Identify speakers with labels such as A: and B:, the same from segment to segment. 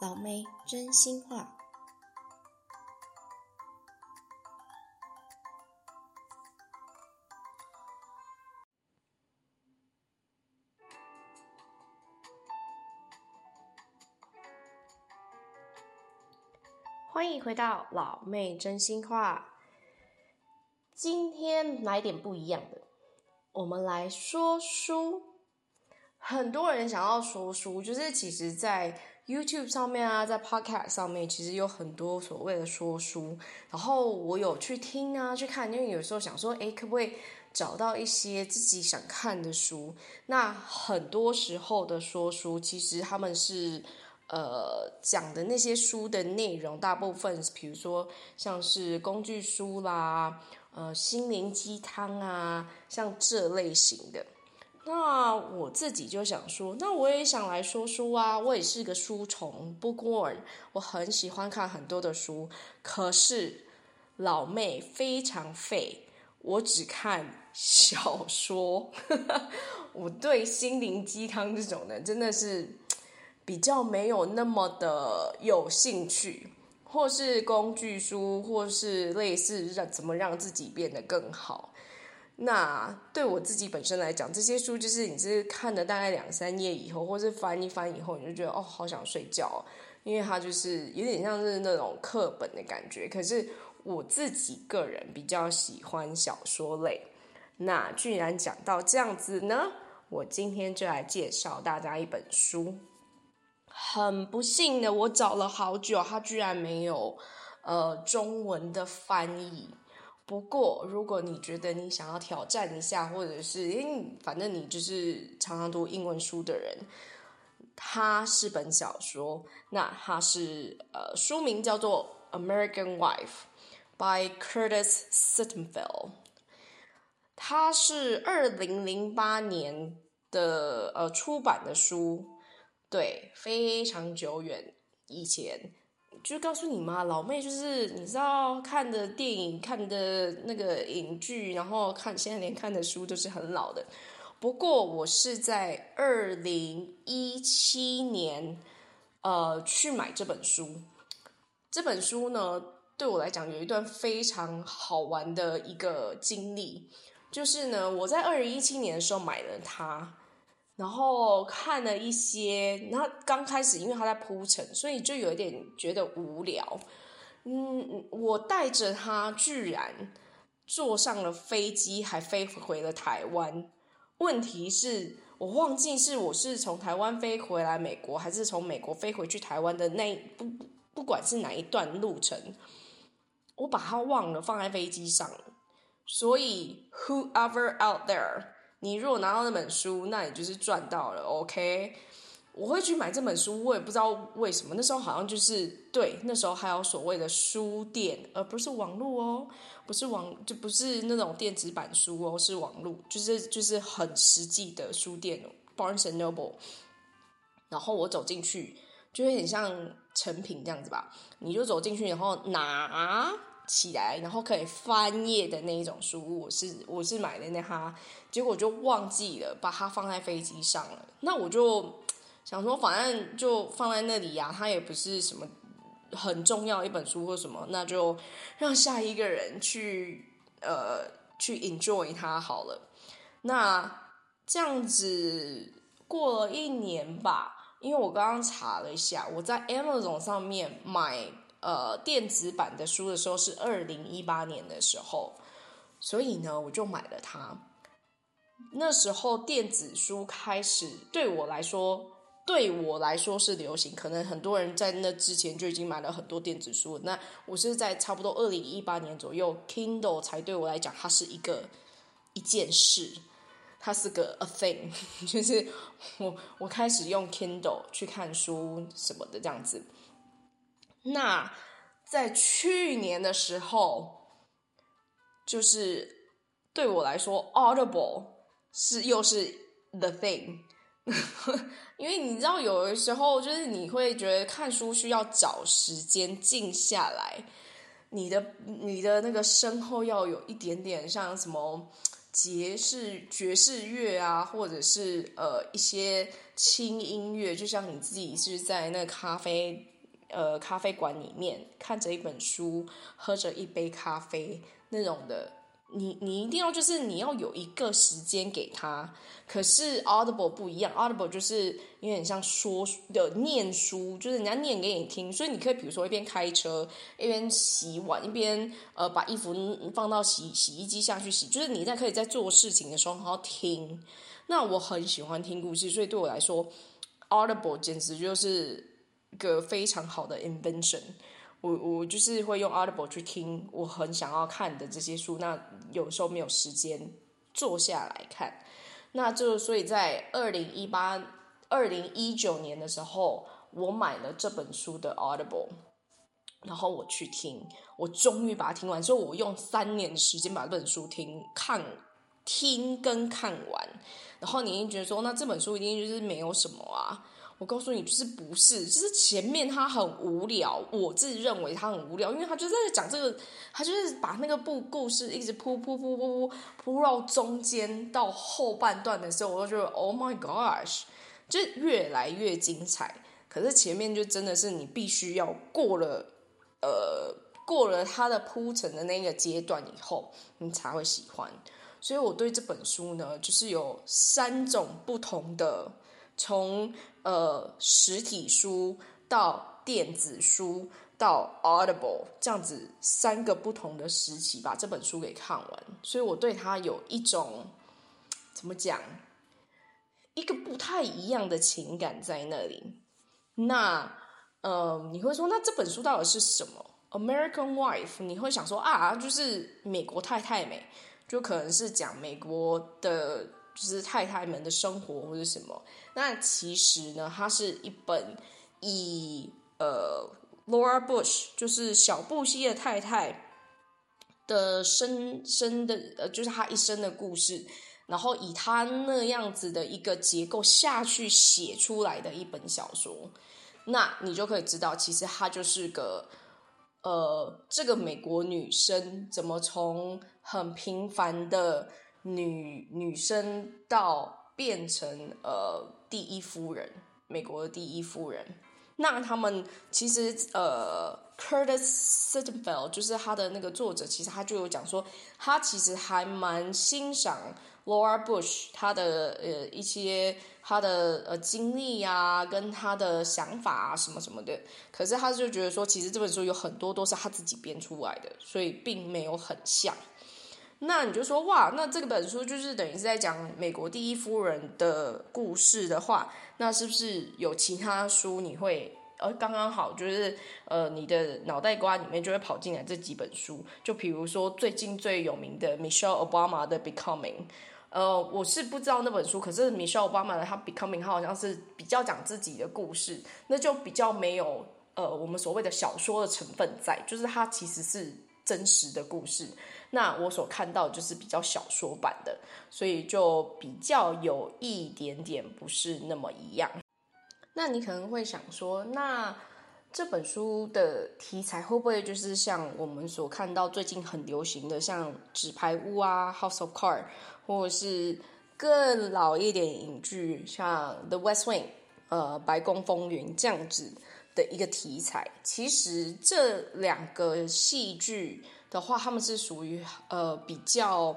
A: 老妹真心話！歡迎回到老妹真心話。今天來點不一樣的，我們來說書。很多人想要說書，就是其實在 YouTube 上面啊，在 Podcast 上面，其實有很多所謂的說書，然後我有去聽啊，去看，因為有時候想說，誒，可不可以找到一些自己想看的書？那很多時候的說書，其實他們是呃講的那些書的內容，大部分比如說像是工具書啦，呃心靈雞湯啊，像這類型的。那我自己就想說，那我也想來說書啊，我也是個書蟲。不過我很喜歡看很多的書，可是老妹非常廢，我只看小說。 我對心靈雞湯這種的真的是比較沒有那麼的有興趣，或是工具書，或是類似讓怎麼讓自己變得更好。那對我自己本身來講，這些書就是你只是看了大概兩三頁以後，或是翻一翻以後，你就覺得哦，好想睡覺哦，因為它就是有點像是那種課本的感覺。可是我自己個人比較喜歡小說類。那既然講到這樣子呢，我今天就來介紹大家一本書。很不幸的，我找了好久，它居然沒有呃中文的翻譯。不過，如果你覺得你想要挑戰一下，或者是，因、嗯、為反正你就是常常讀英文書的人，它是本小說，那它是呃書名叫做《American Wife》by Curtis Sittenfeld，它是二零零八年的呃出版的書，對，非常久遠以前。就告訴你嘛，老妹，就是你知道看的電影、看的那個影劇，然後看，現在連看的書都是很老的。不過我是在二零一七年，呃，去買這本書。這本書呢，對我來講有一段非常好玩的一個經歷，就是呢，我在二零一七年的時候買了它。然後看了一些，然後剛開始因為他在鋪陳，所以就有點覺得無聊。嗯，我帶着他居然坐上了飛機，還飛回了台灣。問題是，我忘記是我是從台灣飛回來美國，還是從美國飛回去台灣的那一不，不管是哪一段路程，我把它忘了放在飛機上。所以，whoever out there。你如果拿到那本書，那也就是賺到了。OK，我會去買這本書，我也不知道為什麼。那時候好像就是對，那時候還有所謂的書店，而、呃、不是網絡哦，不是網，就不是那種電子版書哦，是網絡，就是就是很實際的書店，Barnes and Noble。然後我走進去，就有點像成品這樣子吧，你就走進去，然後拿起來，然後可以翻頁的那一種書，我是我是買的那哈，結果就忘記了把它放在飛機上了。那我就想說，反正就放在那裡呀、啊，它也不是什麼很重要的一本書或什麼，那就讓下一個人去呃去 enjoy 它好了。那這樣子過了一年吧，因為我剛剛查了一下，我在 Amazon 上面買，呃，電子版的書的時候是二零一八年的時候，所以呢，我就買了它。那時候電子書開始對我來說，對我來說是流行，可能很多人在那之前就已經買了很多電子書。那我是在差不多二零一八年左右，Kindle 才對我來講，它是一個一件事，它是個 a thing，就是我我開始用 Kindle 去看書什麼的這樣子。那在去年的時候，就是對我來說，Audible 是又是 The Thing， 因為你知道，有的時候就是你會覺得看書需要找時間靜下來，你的你的那個身後要有一點點像什麼爵士爵士樂啊，或者是呃一些輕音樂，就像你自己是在那個咖啡。呃，咖啡館裡面看着一本書，喝着一杯咖啡那種的，你你一定要就是你要有一個時間給他。可是 Audible 不一樣。mm hmm.Audible 就是有點像說的念書，就是人家念給你聽，所以你可以比如說一邊開車，一邊洗碗，一邊呃把衣服放到洗洗衣機下去洗，就是你在可以在做事情的時候好好聽。那我很喜歡聽故事，所以對我來說，Audible 簡直就是。一個非常好的 invention，我我就是會用 Audible 去聽我很想要看的這些書，那有時候沒有時間坐下來看，那就所以在二零一八二零一九年的時候，我買了這本書的 Audible，然後我去聽，我終於把它聽完，所以我用三年的時間把這本書聽看聽跟看完，然後你一定覺得說，那這本書一定就是沒有什麼啊。我告訴你，就是不是，就是前面他很無聊，我自認為他很無聊，因為他就在那講這個，他就是把那個故故事一直鋪鋪鋪鋪鋪到中間，到後半段的時候，我都覺得 Oh my gosh，就越來越精彩。可是前面就真的是你必須要過了呃過了他的鋪陳的那個階段以後，你才會喜歡。所以我對這本書呢，就是有三種不同的。從呃實體書到電子書到 Audible 這樣子三個不同的時期把這本書給看完，所以我對它有一種怎麼講，一個不太一樣的情感在那裡。那呃你會說那這本書到底是什麼？American Wife？你會想說啊，就是美國太太美，就可能是講美國的。就是太太們的生活或者什麼，那其實呢，它是一本以呃 Laura Bush 就是小布希的太太的生生的呃，就是她一生的故事，然後以她那樣子的一個結構下去寫出來的一本小說，那你就可以知道，其實她就是個呃，這個美國女生怎麼從很平凡的。女女生到變成呃第一夫人，美國的第一夫人。那他們其實呃，Curtis Sittenfeld，就是他的那個作者，其實他就有講說，他其實還蠻欣賞 Laura Bush，他的呃一些他的呃經歷啊，跟他的想法啊什麼什麼的。可是他就覺得說，其實這本書有很多都是他自己編出來的，所以並沒有很像。那你就說哇，那這本書就是等於是在講美國第一夫人的故事的話，那是不是有其他書你會呃剛剛好就是呃你的腦袋瓜裡面就會跑進來這幾本書？就比如說最近最有名的 Michelle Obama 的 Becoming，呃，我是不知道那本書，可是 Michelle Obama 的她 Becoming，好像是比較講自己的故事，那就比較沒有呃我們所謂的小說的成分在，就是它其實是。真實的故事，那我所看到就是比較小說版的，所以就比較有一點點不是那麼一樣。那你可能會想說，那這本書的題材會不會就是像我們所看到最近很流行的，像紙牌屋啊，House of Cards，或者是更老一點影劇，像 The West Wing，呃，白宮風雲這樣子。的一個題材，其實這兩個戲劇的話，他們是屬於呃比較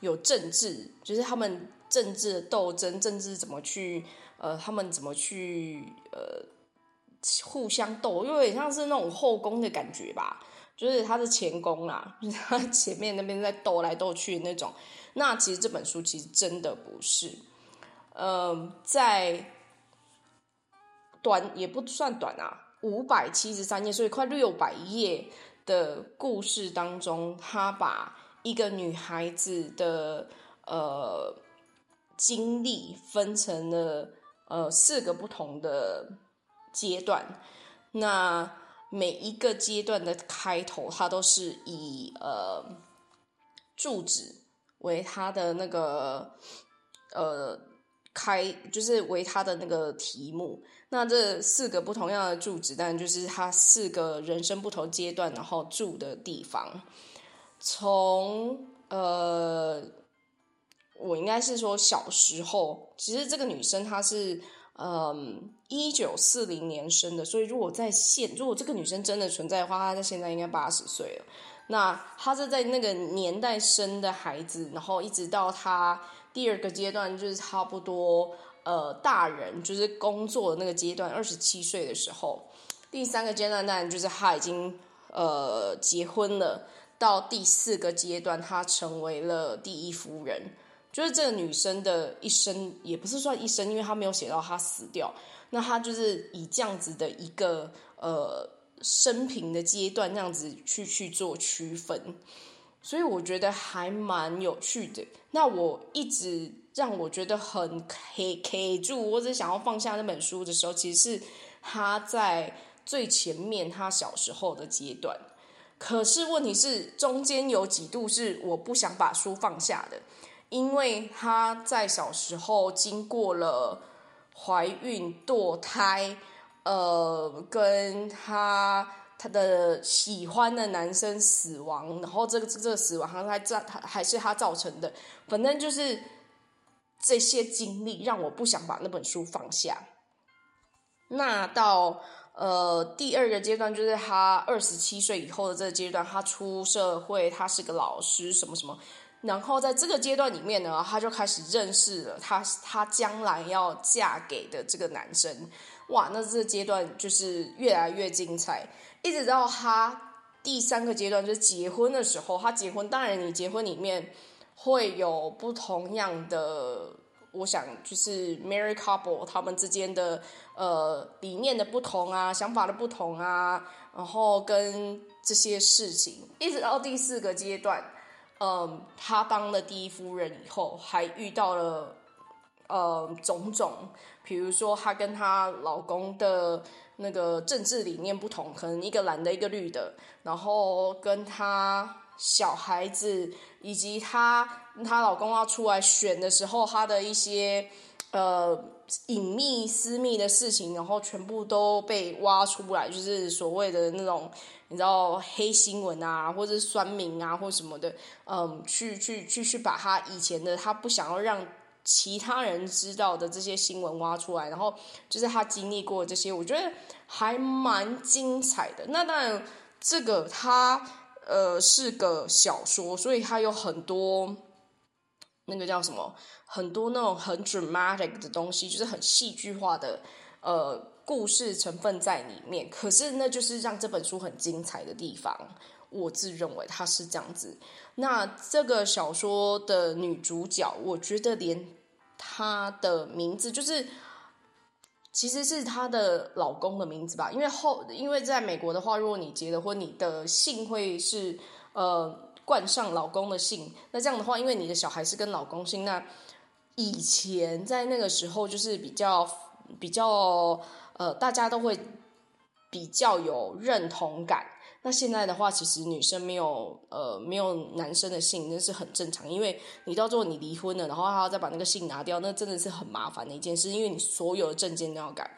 A: 有政治，就是他們政治鬥爭，政治怎麼去呃，他們怎麼去呃互相鬥，有點像是那種後宮的感覺吧，就是他是前宮啊，就是他前面那邊在鬥來鬥去的那種。那其實這本書其實真的不是，嗯、呃，在。短也不算短啊，五百七十三頁，所以快六百頁的故事當中，他把一個女孩子的呃經歷分成了呃四個不同的階段。那每一個階段的開頭，他都是以呃住址為他的那個呃。開就是為他的那個題目，那這四個不同樣的住址。但就是他四個人生不同階段，然後住的地方，從呃，我應該是說小時候。其實這個女生她是嗯一九四零年生的，所以如果在現，如果這個女生真的存在的話，她在現在應該八十歲了。那她是在那個年代生的孩子，然後一直到她，第二個階段就是差不多，呃，大人就是工作的那個階段，二十七歲的時候。第三個階段當然就是她已經，呃，結婚了。到第四個階段，她成為了第一夫人。就是這個女生的一生，也不是算一生，因為她沒有寫到她死掉。那她就是以這樣子的一個，呃，生平的階段，這樣子去去做區分。所以我覺得還蠻有趣的。那我一直讓我覺得很卡住，或者想要放下那本書的時候，其實是他在最前面他小時候的階段。可是問題是，中間有幾度是我不想把書放下的，因為他在小時候經過了懷孕、墮胎，呃，跟他。她的喜歡的男生死亡，然後這個這個死亡還還在還是他造成的，反正就是這些經歷讓我不想把那本書放下。那到呃第二個階段，就是他二十七歲以後的這個階段，他出社會，他是個老師，什麼什麼。然後在這個階段裡面呢，他就開始認識了他他將來要嫁給的這個男生。哇，那這個階段就是越來越精彩。一直到他第三個階段，就是結婚的時候。他結婚，當然你結婚裡面會有不同樣的。我想就是 married couple 他們之間的呃理念的不同啊，想法的不同啊，然後跟這些事情，一直到第四個階段，嗯、呃，他當了第一夫人以後，還遇到了。呃，種種，比如說她跟她老公的那個政治理念不同，可能一個藍的，一個綠的。然後跟她小孩子，以及她她老公要出來選的時候，她的一些呃隱祕私密的事情，然後全部都被挖出來，就是所謂的那種你知道黑新聞啊，或者酸民啊，或什麼的，嗯、呃，去去去去，去把她以前的她不想要讓。其他人知道的這些新聞挖出來，然後就是他經歷過的這些，我覺得還蠻精彩的。那當然，這個他呃是個小說，所以他有很多那個叫什麼，很多那種很 dramatic 的東西，就是很戲劇化的呃故事成分在裡面。可是那就是讓這本書很精彩的地方。我自認為她是這樣子。那這個小說的女主角，我覺得連她的名字就是，其實是她的老公的名字吧？因為後因為在美國的話，如果你結了婚，你的姓會是呃冠上老公的姓。那這樣的話，因為你的小孩是跟老公姓，那以前在那個時候就是比較比較呃，大家都會比較有認同感。那現在的話，其實女生沒有呃沒有男生的姓，那是很正常，因為你到時候你離婚了，然後還要再把那個姓拿掉，那真的是很麻煩的一件事，因為你所有的證件都要改。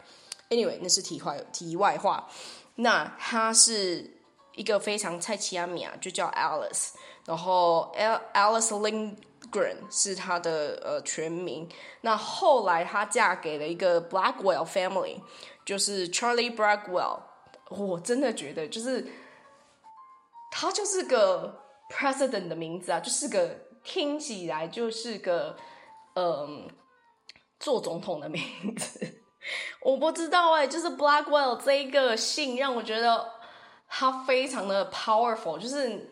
A: Anyway，那是題外題外話。那她是一個非常蔡奇阿米亞，就叫 Alice，然後 Alice Lindgren 是她的呃全名。那後來她嫁給了一個 Blackwell family，就是 Charlie Blackwell。我真的覺得就是。他就是個 president 的名字啊，就是個聽起來就是個，呃，做總統的名字。我不知道哎，就是 Blackwell 這一個姓讓我覺得他非常的 powerful，就是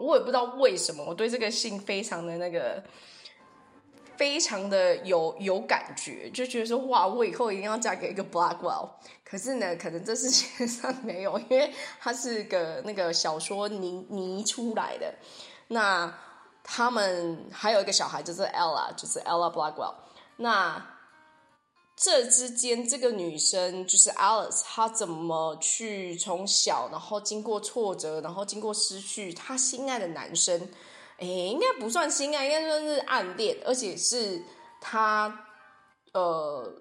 A: 我也不知道為什麼我對這個姓非常的那個。非常的有有感覺，就覺得說哇，我以後一定要嫁給一個 Blackwell。可是呢，可能這世界上沒有，因為他是個那個小說泥泥出來的。那他們還有一個小孩，就是 Ella，就是 Ella Blackwell。那這之間，這個女生就是 Alice，她怎麼去從小，然後經過挫折，然後經過失去她心愛的男生。哎，應該不算心愛啊，應該算是暗戀，而且是她，呃，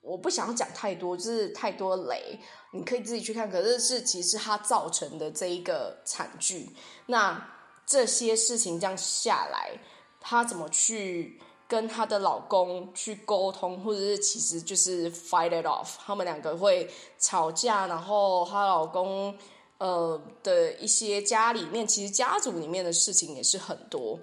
A: 我不想要講太多，就是太多雷，你可以自己去看。可是是其實她造成的這一個慘劇，那這些事情這樣下來，她怎麼去跟她的老公去溝通，或者是其實就是 fight it off，他們兩個會吵架，然後她老公。呃的一些家裡面，其實家族裡面的事情也是很多。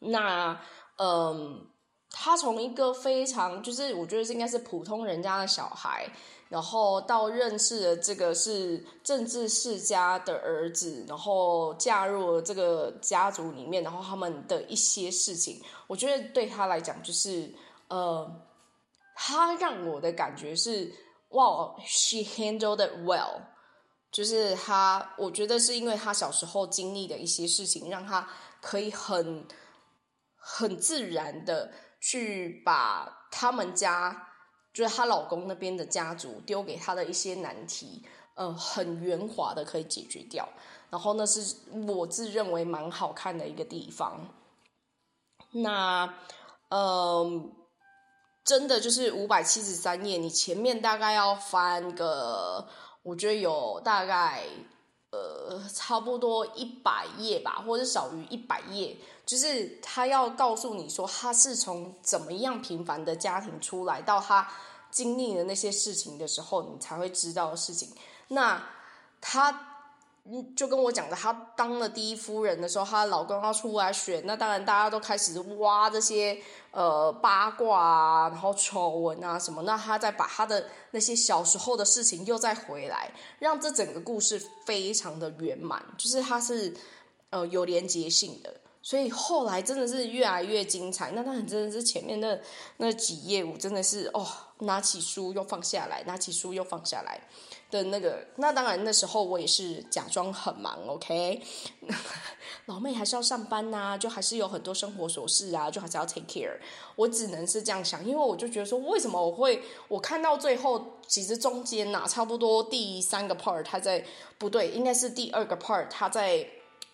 A: 那，嗯，他從一個非常就是，我覺得應該是普通人家的小孩，然後到認識了這個是政治世家的兒子，然後嫁入了這個家族裡面，然後他們的一些事情，我覺得對他來講就是，呃，他讓我的感覺是，哇，she handled it well。就是他，我覺得是因為他小時候經歷的一些事情，讓他可以很很自然的去把他們家，就是她老公那邊的家族丟給他的一些難題，嗯、呃，很圓滑的可以解決掉。然後呢，是我自認為蠻好看的一個地方。那，嗯，真的就是五百七十三頁，你前面大概要翻個。我覺得有大概呃差不多一百頁吧，或者少於一百頁，就是他要告訴你說，他是從怎麼樣平凡的家庭出來，到他經歷了那些事情的時候，你才會知道的事情。那他。就跟我講的，她當了第一夫人的時候，她老公要出來選，那當然大家都開始挖這些呃八卦啊，然後醜聞啊什麼，那她再把她的那些小時候的事情又再回來，讓這整個故事非常的圓滿，就是她是呃有連接性的。所以後來真的是越來越精彩，那那很真的是前面那那幾頁，我真的是哦，拿起書又放下來，拿起書又放下來的那個。那當然那時候我也是假裝很忙，OK？ 老妹還是要上班吶、啊，就還是有很多生活瑣事啊，就還是要 take care。我只能是這樣想，因為我就覺得說，為什麼我會我看到最後，其實中間吶、啊，差不多第三個 part 他在不對，應該是第二個 part 他在。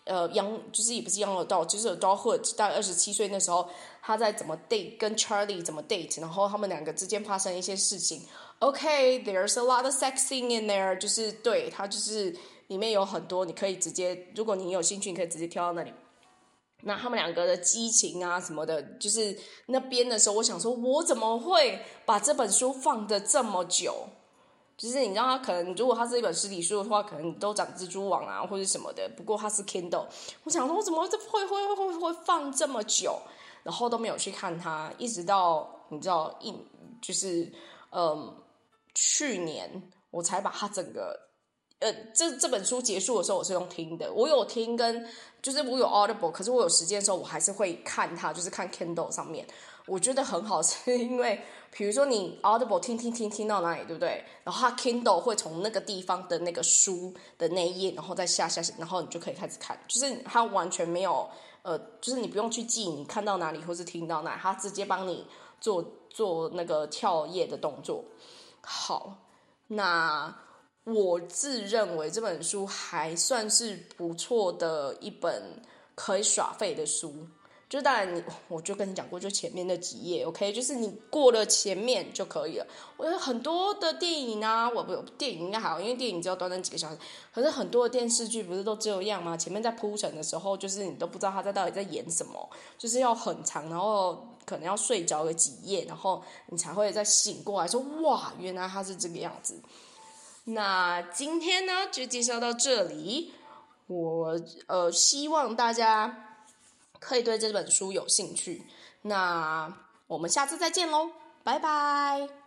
A: 呃、uh, young 就是也不是 young adult，就是 adulthood 在二十七歲那時候，他在怎麼 Date 跟 Charlie 怎麼 Date，然後他們兩個之間發生一些事情。Okay，there's a lot of sex thing in there，就是對他就是裡面有很多，你可以直接，如果你有興趣，你可以直接跳到那裡。那他們兩個的激情啊什麼的，就是那邊的時候，我想說，我怎麼會把這本書放的這麼久？就是你知道，他可能如果他是一本實體書的話，可能都長蜘蛛網啊，或者什麼的。不過他是 Kindle，我想說，我怎麼會會會會會放這麼久，然後都沒有去看他，一直到你知道一就是嗯去年，我才把他整個。呃、這這本書結束的時候，我是用聽的。我有聽跟就是我有 Audible，可是我有時間的時候，我還是會看它，就是看 Kindle 上面。我覺得很好，是因為比如說你 Audible 聽聽聽聽到哪裡，對不對？然後它 Kindle 會從那個地方的那個書的那頁，然後再下下，然後你就可以開始看。就是它完全沒有呃，就是你不用去記你看到哪裡或是聽到哪，它直接幫你做做那個跳頁的動作。好，那。我自認為這本書還算是不錯的一本可以耍廢的書，就當然你，我就跟你講過，就前面那幾頁，OK，就是你過了前面就可以了。我有很多的電影啊，我不電影應該還好，因為電影只有短短幾個小時。可是很多的電視劇不是都這樣嗎？前面在鋪陳的時候，就是你都不知道他在到底在演什麼，就是要很長，然後可能要睡着個幾夜，然後你才會再醒過來說，哇，原來他是這個樣子。那今天呢，就介紹到這裡。我呃，希望大家可以對這本書有興趣。那我們下次再見嘍，拜拜。